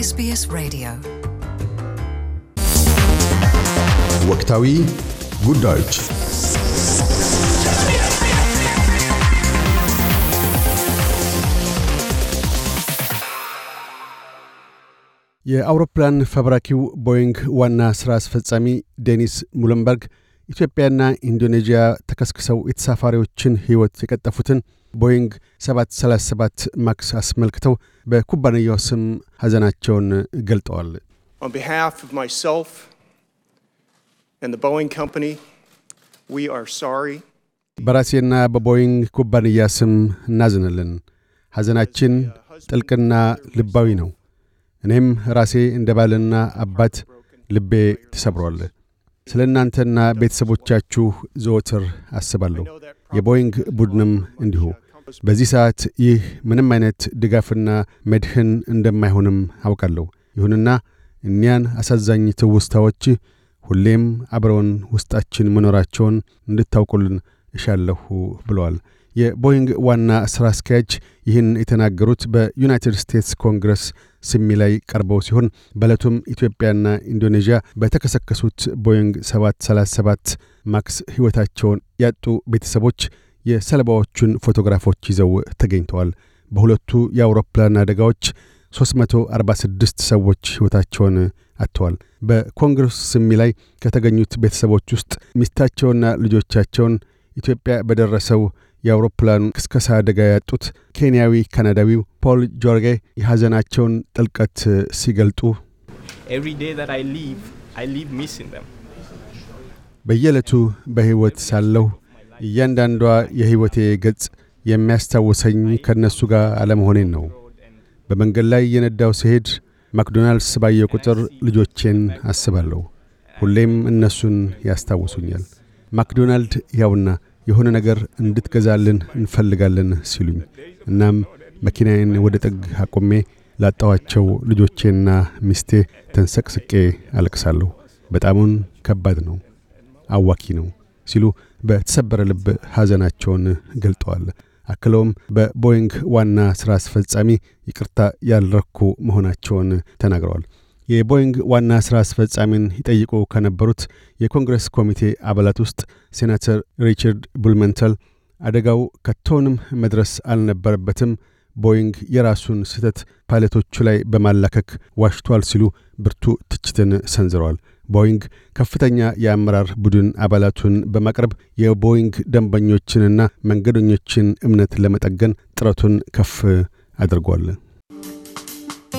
ኤስቢኤስ Radio. ወቅታዊ ጉዳዮች የአውሮፕላን ፈብራኪው ቦይንግ ዋና ሥራ አስፈጻሚ ዴኒስ ሙለንበርግ ኢትዮጵያና ኢንዶኔዥያ ተከስክሰው የተሳፋሪዎችን ሕይወት የቀጠፉትን ቦይንግ 737 ማክስ አስመልክተው በኩባንያው ስም ሐዘናቸውን ገልጠዋል። በራሴና በቦይንግ ኩባንያ ስም እናዝንልን ሐዘናችን ጥልቅና ልባዊ ነው። እኔም ራሴ እንደ ባልና አባት ልቤ ተሰብሯል። ስለ እናንተና ቤተሰቦቻችሁ ዘወትር አስባለሁ። የቦይንግ ቡድንም እንዲሁ። በዚህ ሰዓት ይህ ምንም አይነት ድጋፍና መድህን እንደማይሆንም አውቃለሁ። ይሁንና እኒያን አሳዛኝ ትውስታዎች ሁሌም አብረውን ውስጣችን መኖራቸውን እንድታውቁልን እሻለሁ ብለዋል። የቦይንግ ዋና ሥራ አስኪያጅ ይህን የተናገሩት በዩናይትድ ስቴትስ ኮንግረስ ስሚ ላይ ቀርበው ሲሆን በዕለቱም ኢትዮጵያና ኢንዶኔዥያ በተከሰከሱት ቦይንግ 737 ማክስ ሕይወታቸውን ያጡ ቤተሰቦች የሰለባዎቹን ፎቶግራፎች ይዘው ተገኝተዋል። በሁለቱ የአውሮፕላን አደጋዎች 346 ሰዎች ሕይወታቸውን አጥተዋል። በኮንግረስ ስሚ ላይ ከተገኙት ቤተሰቦች ውስጥ ሚስታቸውና ልጆቻቸውን ኢትዮጵያ በደረሰው የአውሮፕላኑ ክስከሳ አደጋ ያጡት ኬንያዊ ካናዳዊው ፖል ጆርጌ የሐዘናቸውን ጥልቀት ሲገልጡ በየዕለቱ በሕይወት ሳለሁ እያንዳንዷ የሕይወቴ ገጽ የሚያስታውሰኝ ከእነሱ ጋር አለመሆኔን ነው። በመንገድ ላይ እየነዳው ሲሄድ ማክዶናልድስ ባየው ቁጥር ልጆቼን አስባለሁ። ሁሌም እነሱን ያስታውሱኛል። ማክዶናልድ ያውና የሆነ ነገር እንድትገዛልን እንፈልጋለን ሲሉኝ፣ እናም መኪናዬን ወደ ጥግ አቁሜ ላጣዋቸው ልጆቼና ሚስቴ ተንሰቅስቄ አለቅሳለሁ። በጣሙን ከባድ ነው፣ አዋኪ ነው ሲሉ በተሰበረ ልብ ሐዘናቸውን ገልጠዋል። አክለውም በቦይንግ ዋና ሥራ አስፈጻሚ ይቅርታ ያልረኩ መሆናቸውን ተናግረዋል። የቦይንግ ዋና ሥራ አስፈጻሚን ይጠይቁ ከነበሩት የኮንግረስ ኮሚቴ አባላት ውስጥ ሴናተር ሪቻርድ ቡልመንተል አደጋው ከቶንም መድረስ አልነበረበትም፣ ቦይንግ የራሱን ስህተት ፓይለቶቹ ላይ በማላከክ ዋሽቷል ሲሉ ብርቱ ትችትን ሰንዝረዋል። ቦይንግ ከፍተኛ የአመራር ቡድን አባላቱን በማቅረብ የቦይንግ ደንበኞችንና መንገደኞችን እምነት ለመጠገን ጥረቱን ከፍ አድርጓል።